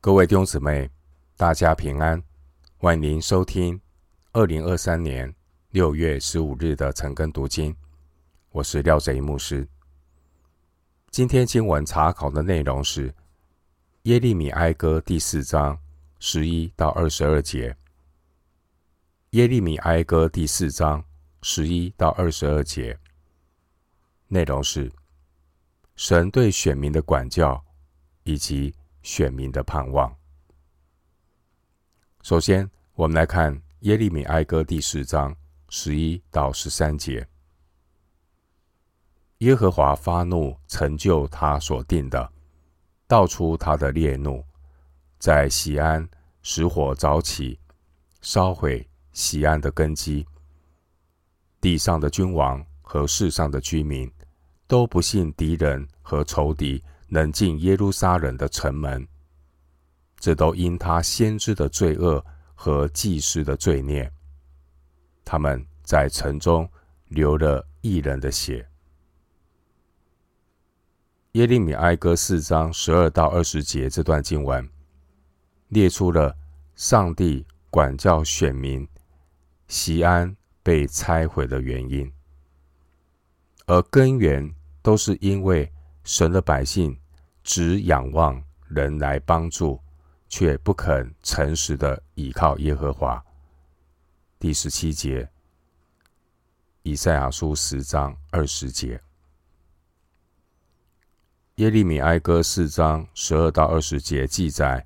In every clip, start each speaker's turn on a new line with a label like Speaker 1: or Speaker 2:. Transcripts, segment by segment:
Speaker 1: 各位弟兄姊妹，大家平安！歡迎收聽二零二三年六月十五日的晨更讀經。我是廖哲一牧師。今天經文查考的內容是耶《耶利米哀歌》第四章十一到二十二節，《耶利米哀歌》第四章十一到二十二節內容是神對選民的管教以及選民的盼望。首先，我們來看耶利米哀歌第四章十一到十三節：耶和華發怒，成就他所定的，倒出他的烈怒，在錫安使火著起，燒毀錫安的根基。地上的君王和世上的居民都不信敵人和仇敵。能進耶路撒冷的城門，這都因他先知的罪惡和祭司的罪孽。他們在城中流了義人的血。耶利米哀歌四章十二到二十節這段經文，列出了上帝管教選民錫安被拆毀的原因，而根源都是因為。神的百姓只仰望人來幫助，卻不肯誠實的倚靠耶和華。第十七節，以賽亞書十章二十節，耶利米哀歌四章十二到二十節記載，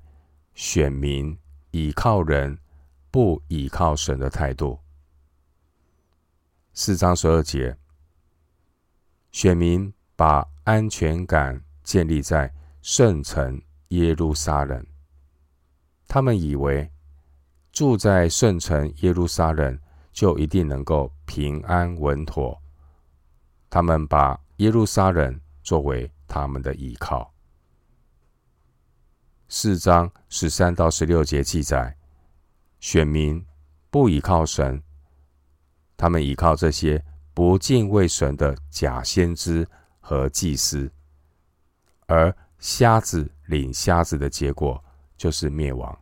Speaker 1: 選民倚靠人，不倚靠神的態度。四章十二節，選民。把安全感建立在聖城耶路撒冷，他們以為住在聖城耶路撒冷就一定能夠平安穩妥。他們把耶路撒冷作為他們的依靠。四章十三到十六節記載，選民不依靠神，他們依靠這些不敬畏神的假先知。和祭司，而瞎子領瞎子的結果就是滅亡。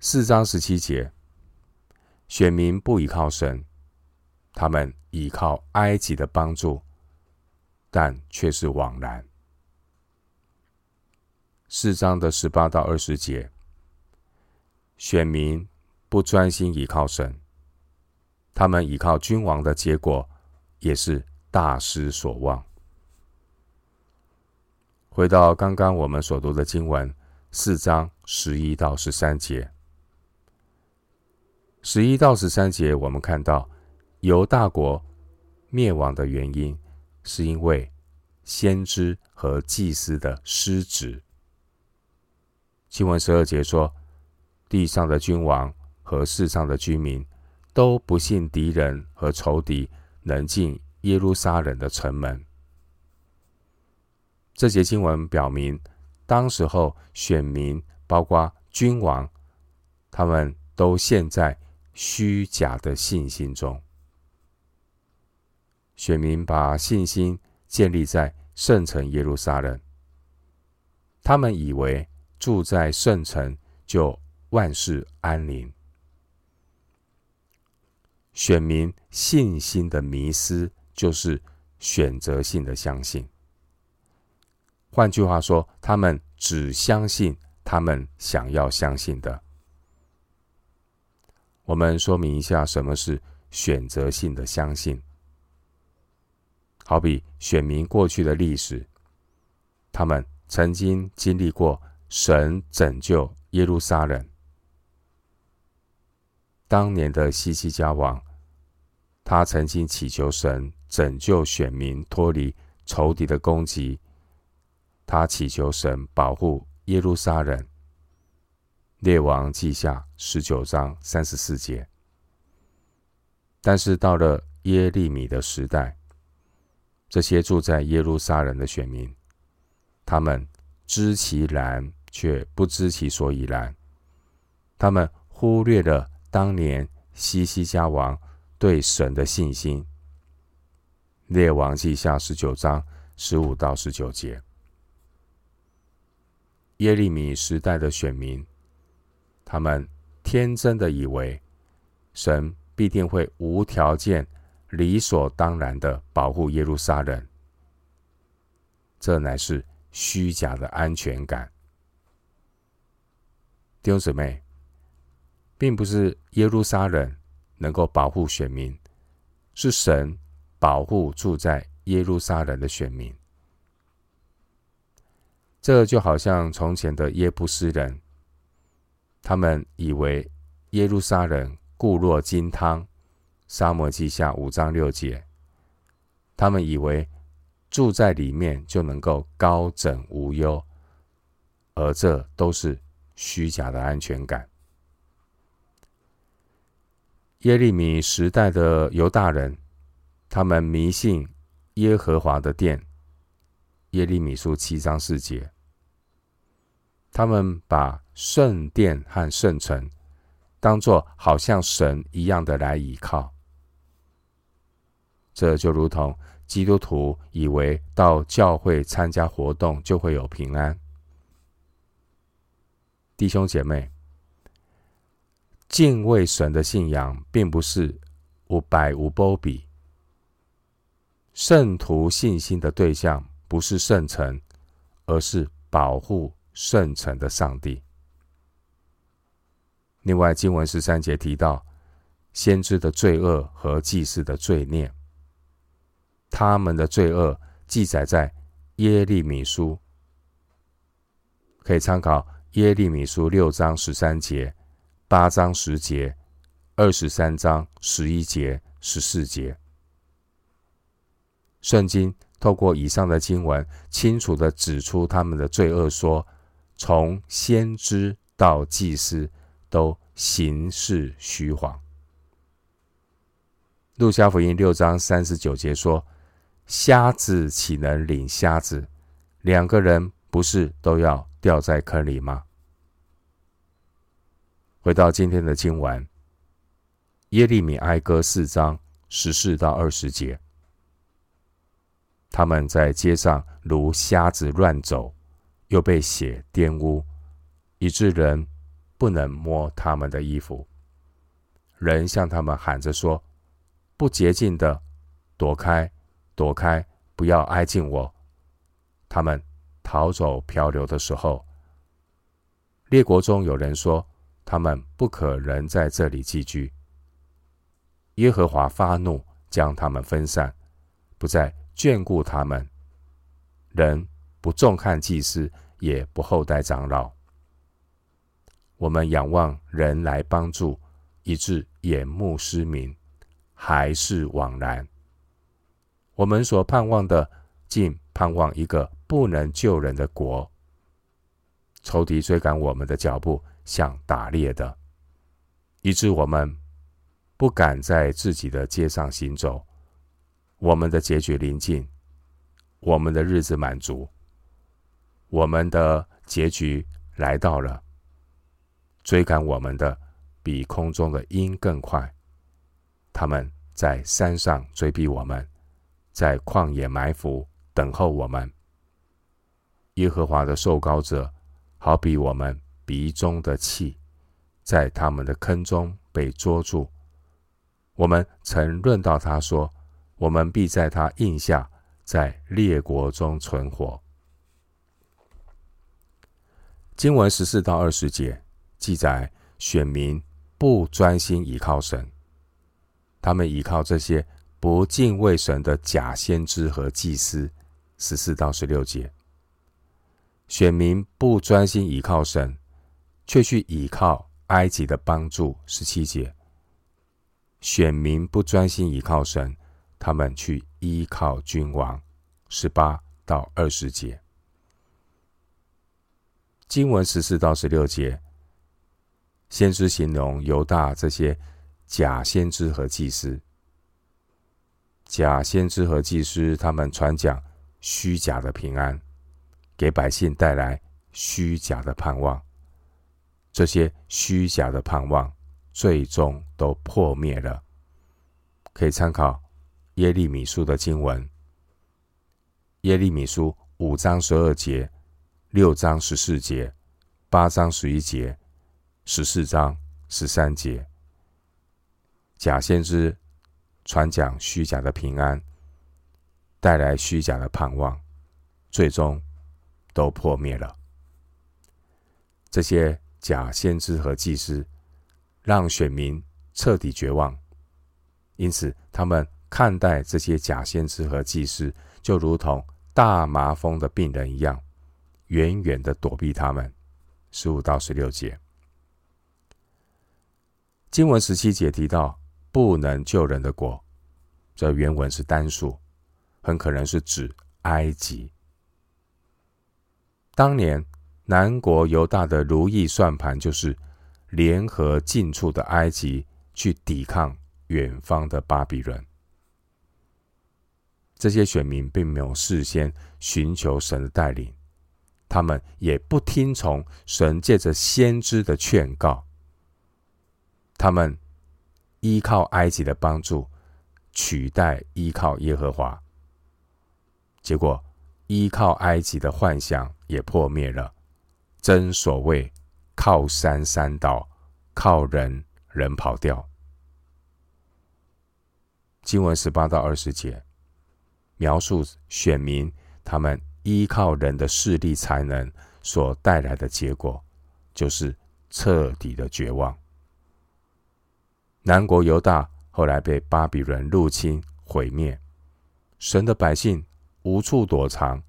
Speaker 1: 四章十七節，選民不依靠神，他們倚靠埃及的幫助，但卻是枉然。四章的十八到二十節，選民不專心依靠神，他們倚靠君王的結果也是。大失所望。回到剛剛我們所讀的經文四章十一到十三節，十一到十三節，我們看到猶大國滅亡的原因是因為先知和祭司的失職。經文十二節說：“地上的君王和世上的居民都不信敵人和仇敵能進。”耶路撒冷的城門，這些經文表明，當時候選民包括君王，他們都陷在虛假的信心中。選民把信心建立在聖城耶路撒冷，他們以為住在聖城就萬事安寧。選民信心的迷失。就是選擇性的相信，換句話說，他們只相信他們想要相信的。我們說明一下什麼是選擇性的相信。好比選民過去的歷史，他們曾經經歷過神拯救耶路撒冷，當年的希西家王。他曾經祈求神拯救選民脫離仇敵的攻擊，他祈求神保護耶路撒冷。列王記下十九章三十四節。但是到了耶利米的時代，這些住在耶路撒冷的選民，他們知其然卻不知其所以然。他們忽略了當年希西家王。對神的信心，《列王記下》十九章十五到十九節，耶利米時代的選民，他們天真的以為神必定會無條件、理所當然的保護耶路撒冷，這乃是虛假的安全感。弟兄姊妹，並不是耶路撒冷。能夠保護選民，是神保護住在耶路撒冷的選民。這就好像從前的耶布斯人，他們以為耶路撒冷固若金湯，撒母耳記下五章六節，他們以為住在裡面就能夠高枕無憂，而這都是虛假的安全感。耶利米時代的猶大人，他們迷信耶和華的殿，《耶利米書七章四節》，他們把聖殿和聖城當作好像神一樣的來倚靠，這就如同基督徒以為到教會參加活動就會有平安，弟兄姐妹。敬畏神的信仰並不是無白無波比，聖徒信心的對象不是聖城，而是保護聖城的上帝。另外，經文十三節提到先知的罪惡和祭司的罪孽，他們的罪惡記載在耶利米書，可以參考耶利米書六章十三節。八章十節，二十三章十一節十四節，聖經透過以上的經文，清楚地指出他們的罪惡說，說從先知到祭司都行事虛謊。路加福音六章三十九節說：瞎子豈能領瞎子？兩個人不是都要掉在坑裡嗎？回到今天的經文，《耶利米哀歌》四章十四到二十節，他們在街上如瞎子亂走，又被血玷污，以致人不能摸他們的衣服。人向他們喊着說：“不潔淨的，躲開，躲開，不要挨近我。”他們逃走漂流的時候，列國中有人說。他們不可仍在這裡寄居。耶和華發怒，將他們分散，不再眷顧他們。人不重看祭司，也不厚待長老。我們仰望人來幫助，以致眼目失明，還是枉然。我們所盼望的，竟盼望一個不能救人的國。仇敵追趕我們的腳步。像打獵的，以致我們不敢在自己的街上行走。我們的結局臨近，我們的日子滿足，我們的結局來到了。追趕我們的比空中的鷹更快，他們在山上追逼我們，在曠野埋伏，等候我們。耶和華的受膏者好比我們。鼻中的氣，在他們的坑中被捉住。我們曾論到他說：“我們必在他蔭下，在列國中存活。”經文十四到二十節記載，選民不專心倚靠神，他們依靠這些不敬畏神的假先知和祭司。十四到十六節，選民不專心倚靠神。卻去倚靠埃及的幫助，十七節。選民不專心倚靠神，他們去依靠君王，十八到二十節。經文十四到十六節，先知形容猶大這些假先知和祭司，假先知和祭司他們傳講虛假的平安，給百姓帶來虛假的盼望。這些虛假的盼望，最終都破滅了。可以參考耶利米書的經文：耶利米書五章十二節、六章十四節、八章十一節、十四章十三節。假先知傳講虛假的平安，帶來虛假的盼望，最終都破滅了。這些。假先知和祭司讓選民徹底絕望，因此他們看待這些假先知和祭司就如同大麻風的病人一樣，遠遠的躲避他們。十五到十六節，經文十七節提到不能救人的國，這原文是單數，很可能是指埃及。當年，南國猶大的如意算盤就是聯合近處的埃及去抵抗遠方的巴比倫。這些選民並沒有事先尋求神的帶領，他們也不聽從神借着先知的勸告。他們依靠埃及的幫助取代依靠耶和華，結果依靠埃及的幻想也破滅了。真所謂，靠山山倒，靠人人跑掉。經文十八到二十節，描述選民他們依靠人的勢力才能所帶來的結果，就是徹底的絕望。南國猶大後來被巴比倫入侵毀滅，神的百姓無處躲藏，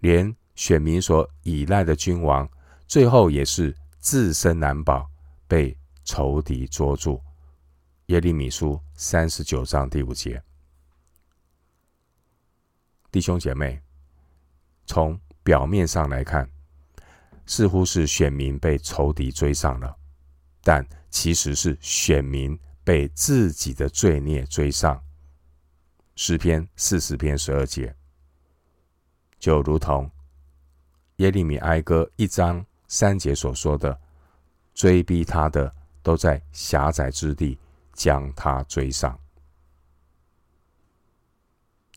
Speaker 1: 連。選民所倚賴的君王，最後也是自身難保，被仇敵捉住。耶利米書三十九章第五節，弟兄姐妹，從表面上來看，似乎是選民被仇敵追上了，但其實是選民被自己的罪孽追上。詩篇四十篇十二節，就如同。耶利米哀歌一章三節所說的，追逼他的都在狹窄之地，將他追上。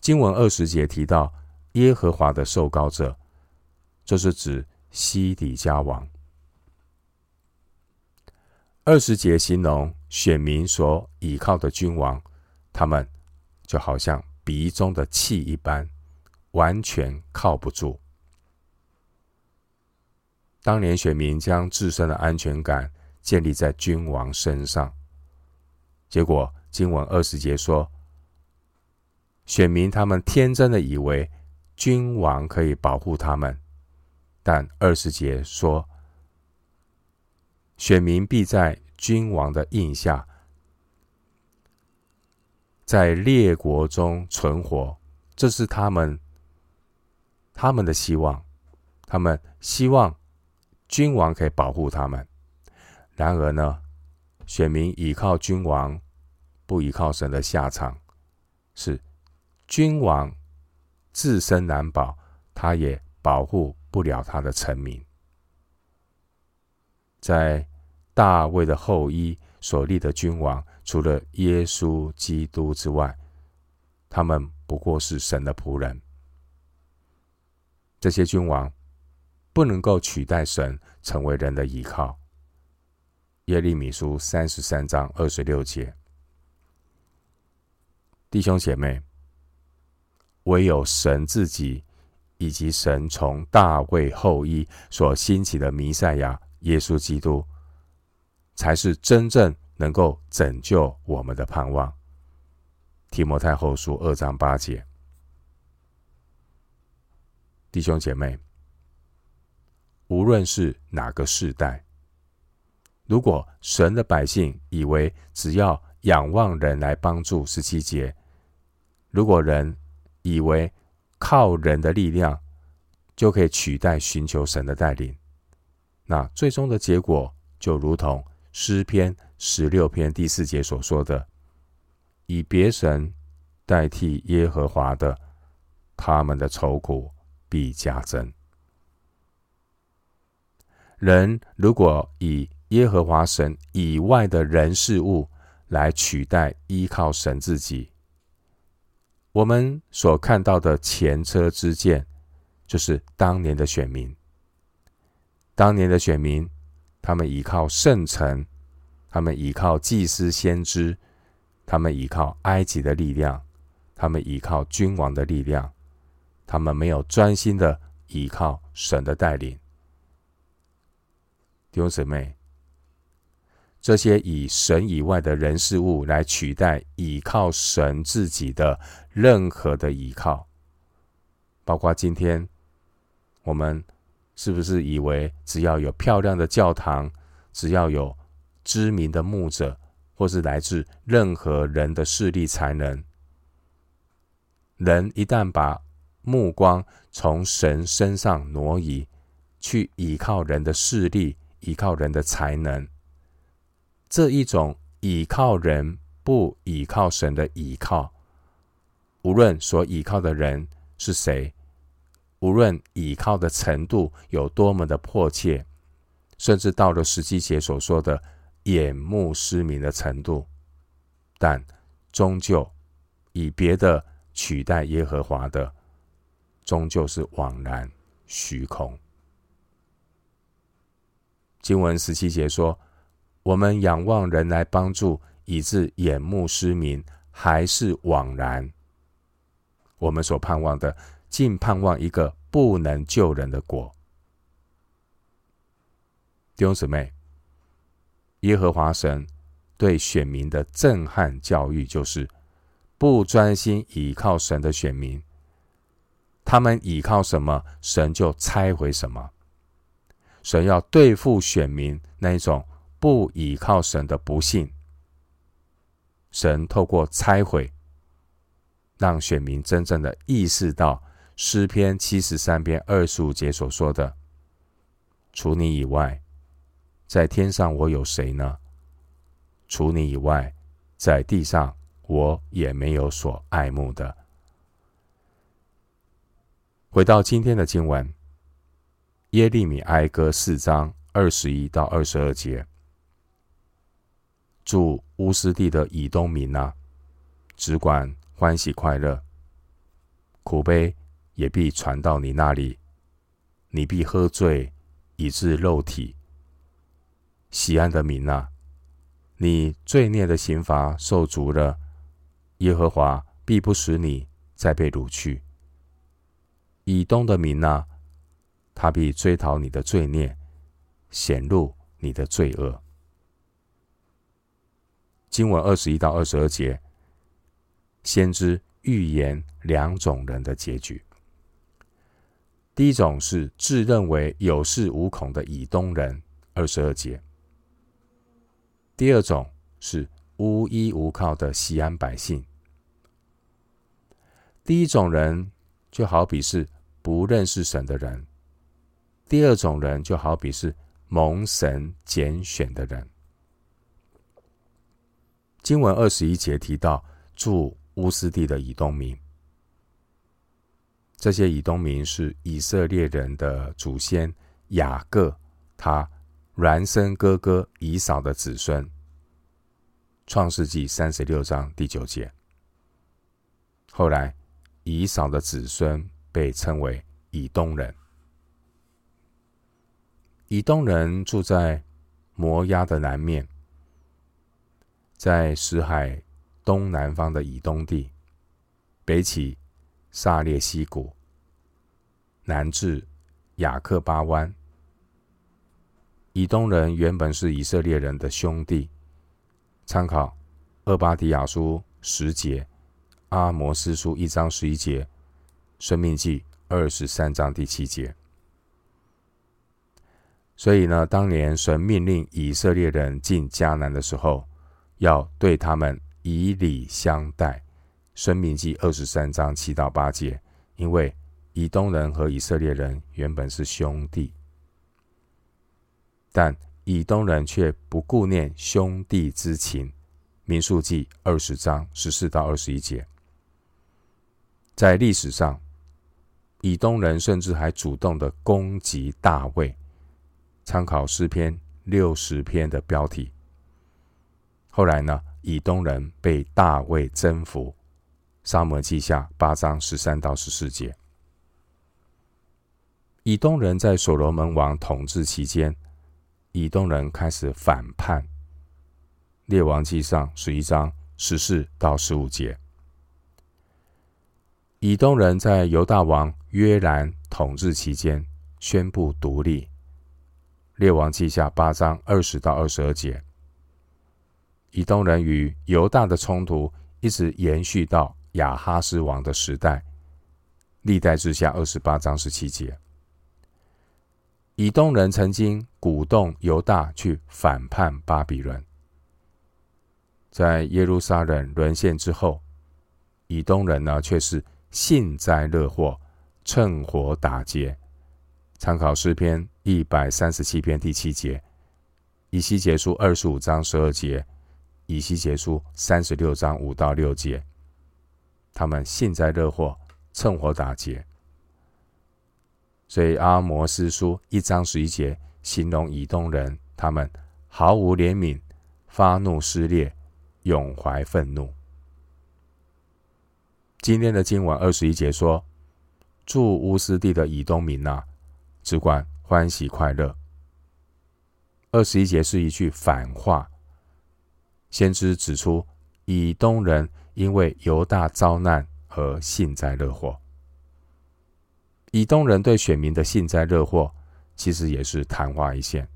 Speaker 1: 經文二十節提到耶和華的受膏者，這是指西底家王。二十節形容選民所倚靠的君王，他們就好像鼻中的氣一般，完全靠不住。當年選民將自身的安全感建立在君王身上，結果經文二十節說，選民他們天真的以為君王可以保護他們，但二十節說，選民必在君王的蔭下，在列國中存活，這是他們他們的希望，他們希望。君王可以保護他們，然而呢，選民依靠君王，不依靠神的下場是，君王自身難保，他也保護不了他的臣民。在大衛的後裔所立的君王，除了耶穌基督之外，他們不過是神的僕人。這些君王。不能夠取代神成為人的依靠。耶利米書三十三章二十六節，弟兄姐妹，唯有神自己以及神從大衛後裔所興起的彌賽亞耶穌基督，才是真正能夠拯救我們的盼望。提摩太後書二章八節，弟兄姐妹。無論是哪個世代，如果神的百姓以為只要仰望人來幫助，十七節；如果人以為靠人的力量就可以取代尋求神的帶領，那最終的結果就如同詩篇十六篇第四節所說的：“以別神代替耶和華的，他們的愁苦必加增。”人如果以耶和華神以外的人事物來取代依靠神自己，我們所看到的前車之鑑，就是當年的選民。當年的選民，他們倚靠聖城，他們倚靠祭司先知，他們依靠埃及的力量，他們依靠君王的力量，他們沒有專心的依靠神的帶領。弟兄姊妹，這些以神以外的人事物來取代倚靠神自己的任何的依靠，包括今天我們是不是以為只要有漂亮的教堂，只要有知名的牧者，或是來自任何人的勢力才能？人一旦把目光從神身上挪移，去倚靠人的勢力，依靠人的才能，這一種依靠人不依靠神的倚靠，無論所依靠的人是誰，無論依靠的程度有多麼的迫切，甚至到了十七節所說的“眼目失明”的程度，但終究以別的取代耶和華的，終究是枉然虛空。經文十七節說：“我們仰望人來幫助，以致眼目失明，還是枉然。我們所盼望的，竟盼望一個不能救人的國。弟兄姊妹，耶和華神對選民的震撼教育，就是不專心倚靠神的選民，他們倚靠什麼，神就拆毀什麼。神要對付選民那一種不依靠神的不信。神透過拆毀，讓選民真正的意識到詩篇七十三篇二十五節所說的：“除你以外，在天上我有誰呢？除你以外，在地上我也沒有所愛慕的。”回到今天的經文。耶利米哀歌四章二十一到二十二節：住烏斯地的以東民哪、只管歡喜快樂，苦杯也必傳到你那裡，你必喝醉，以致露體。錫安的民哪、你罪孽的刑罰受足了，耶和華必不使你再被擄去。以東的民哪他必追討你的罪孽，顯露你的罪惡。經文二十一到二十二節，先知預言兩種人的結局。第一種是自認為有恃無恐的以東人，二十二節。第二種是無依無靠的錫安百姓。第一種人就好比是不認識神的人。第二種人就好比是蒙神揀選的人。經文二十一節提到住烏斯地的以東民，這些以東民是以色列人的祖先雅各，他孿生哥哥以掃的子孫。創世紀三十六章第九節，後來以掃的子孫被稱為以東人。以東人住在摩押的南面，在死海東南方的以東地，北起撒烈溪谷，南至雅克巴灣。以東人原本是以色列人的兄弟。參考《俄巴底亞書》十節，《阿摩斯書》一章十一節，《申命記》二十三章第七節。所以呢，當年神命令以色列人進迦南的時候，要對他們以禮相待。申命記二十三章七到八節，因為以東人和以色列人原本是兄弟，但以東人卻不顧念兄弟之情。民數記二十章十四到二十一節，在歷史上，以東人甚至還主動的攻擊大衛。參考詩篇六十篇的標題。後來呢，以東人被大衛征服，《撒母耳記》下八章十三到十四節。以東人在所羅門王統治期間，以東人開始反叛，《列王記上》十一章十四到十五節。以東人在猶大王約蘭統治期間宣布獨立。列王記下八章二十到二十二節，以東人與猶大的衝突一直延續到亞哈斯王的時代。歷代志下二十八章十七節，以東人曾經鼓動猶大去反叛巴比倫。在耶路撒冷淪陷之後，以東人呢卻是幸災樂禍，趁火打劫。參考詩篇一百三十七篇第七節，以西結書二十五章十二節，以西結書三十六章五到六節。他們幸災樂禍，趁火打劫。所以阿摩司書一章十一節形容以東人，他們毫無憐憫，發怒撕裂，永懷憤怒。今天的經文二十一節說，住烏斯地的以東民哪、啊。只管歡喜快樂。二十一節是一句反話，先知指出以東人因為猶大遭難而幸災樂禍。以東人對選民的幸災樂禍，其實也是曇花一現，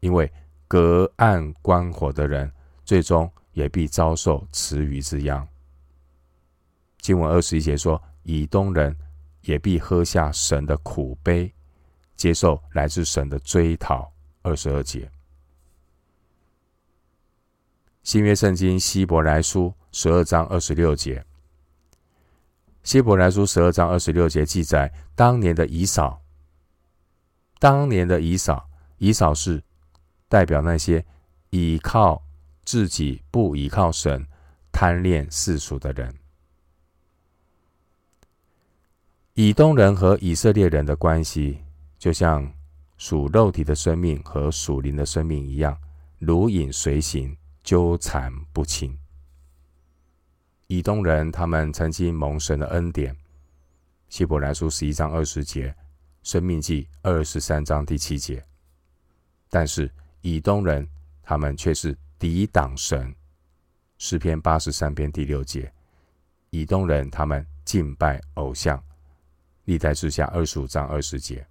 Speaker 1: 因為隔岸觀火的人，最終也必遭受池魚之殃。經文二十一節說，以東人也必喝下神的苦杯。接受來自神的追討，二十二節。新約聖經希伯來書十二章二十六節，希伯來書十二章二十六節記載當年的以掃，當年的以掃，以掃是代表那些倚靠自己、不依靠神、貪戀世俗的人。以東人和以色列人的關係。就像屬肉體的生命和屬靈的生命一樣，如影隨形，糾纏不清。以東人他們曾經蒙神的恩典，希伯來書十一章二十節，申命記二十三章第七節。但是以東人他們卻是抵擋神，詩篇八十三篇第六節。以東人他們敬拜偶像，歷代志下二十五章二十節。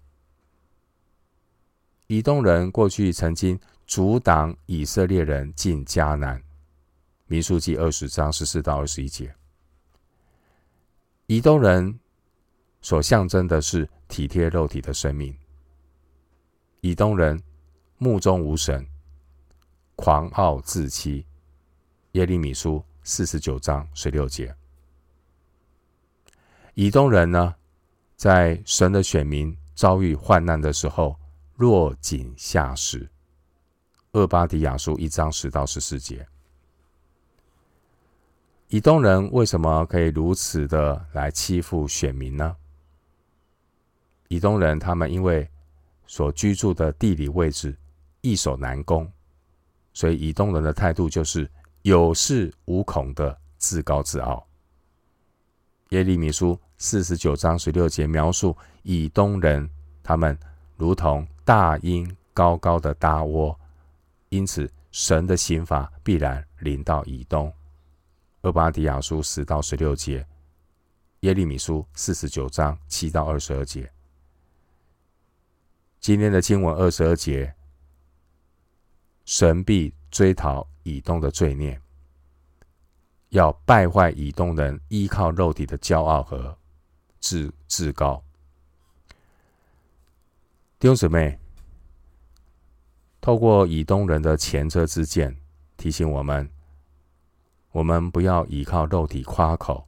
Speaker 1: 以東人過去曾經阻擋以色列人進迦南，《民數記》二十章十四到二十一節。以東人所象徵的是體貼肉體的生命。以東人目中無神，狂傲自欺，《耶利米書》四十九章十六節。以東人呢，在神的選民遭遇患難的時候。落井下石。厄巴迪亞書一章十到十四節，以東人為什麼可以如此的來欺負選民呢？以東人他們因為所居住的地理位置易守難攻，所以以東人的態度就是有恃無恐的自高自傲。耶利米書四十九章十六節描述以東人他們如同。大鷹高高的搭窩，因此神的刑罰必然臨到以東。俄巴底亞書十到十六節，耶利米書四十九章七到二十二節。今天的經文二十二節，神必追討以東的罪孽，要敗壞以東人依靠肉體的驕傲和自自高。弟兄姊妹，透過以東人的前車之鑑，提醒我們：我們不要倚靠肉體誇口，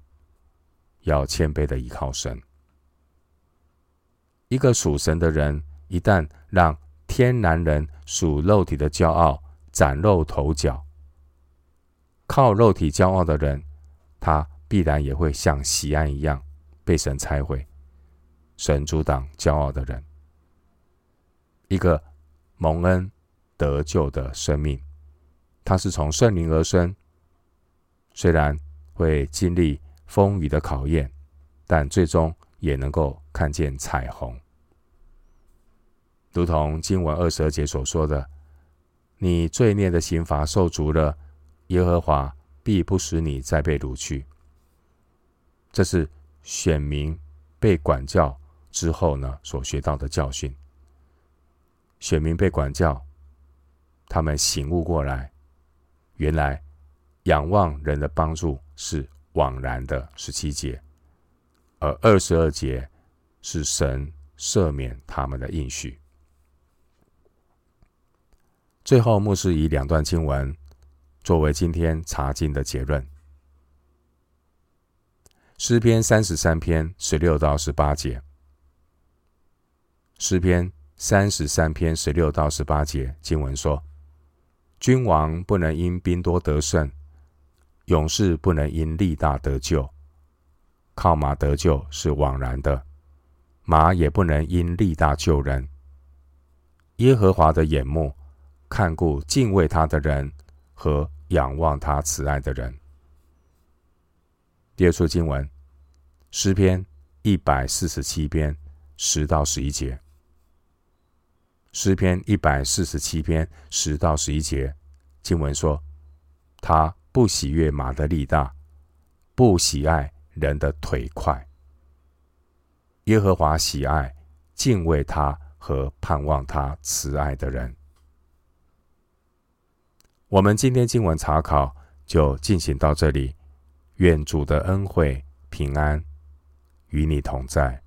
Speaker 1: 要謙卑的依靠神。一個屬神的人，一旦讓天然人屬肉體的驕傲嶄露頭角，靠肉體驕傲的人，他必然也會像錫安一樣被神拆毀。神阻擋驕傲的人。一個蒙恩得救的生命，他是從聖靈而生。雖然會經歷風雨的考驗，但最終也能夠看見彩虹。如同經文二十二節所說的：“你罪孽的刑罰受足了，耶和華必不使你再被擄去。”這是選民被管教之後呢，所學到的教訓。選民被管教，他們醒悟過來，原來仰望人的幫助是枉然的。十七節，而二十二節是神赦免他們的應許。最後，牧師以兩段經文作為今天查經的結論：詩篇三十三篇十六到十八節，詩篇。三十三篇十六到十八節經文說：“君王不能因兵多得勝，勇士不能因力大得救，靠馬得救是枉然的，馬也不能因力大救人。”耶和華的眼目看顧敬畏他的人和仰望他慈愛的人。第二處經文，詩篇一百四十七篇十到十一節。詩篇一百四十七篇十到十一節，經文說：他不喜悅馬的力大，不喜愛人的腿快。耶和華喜愛敬畏他和盼望他慈愛的人。我們今天經文查考就進行到這裡，願主的恩惠平安與你同在。